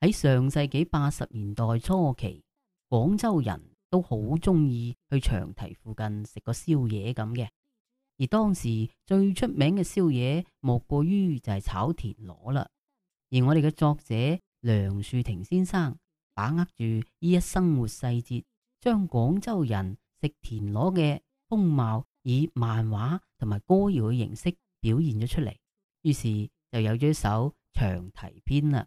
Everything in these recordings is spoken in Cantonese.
喺上世紀八十年代初期，廣州人都好中意去長堤附近食個宵夜咁嘅。而當時最出名嘅宵夜莫過於就係炒田螺啦。而我哋嘅作者梁樹庭先生把握住呢一生活細節，將廣州人食田螺嘅風貌以漫畫同埋歌謠嘅形式表現咗出嚟，於是就有咗一首《長堤邊》啦。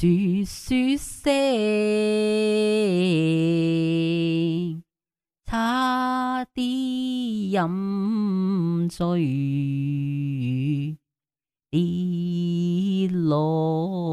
說說聲，差啲飲醉跌落。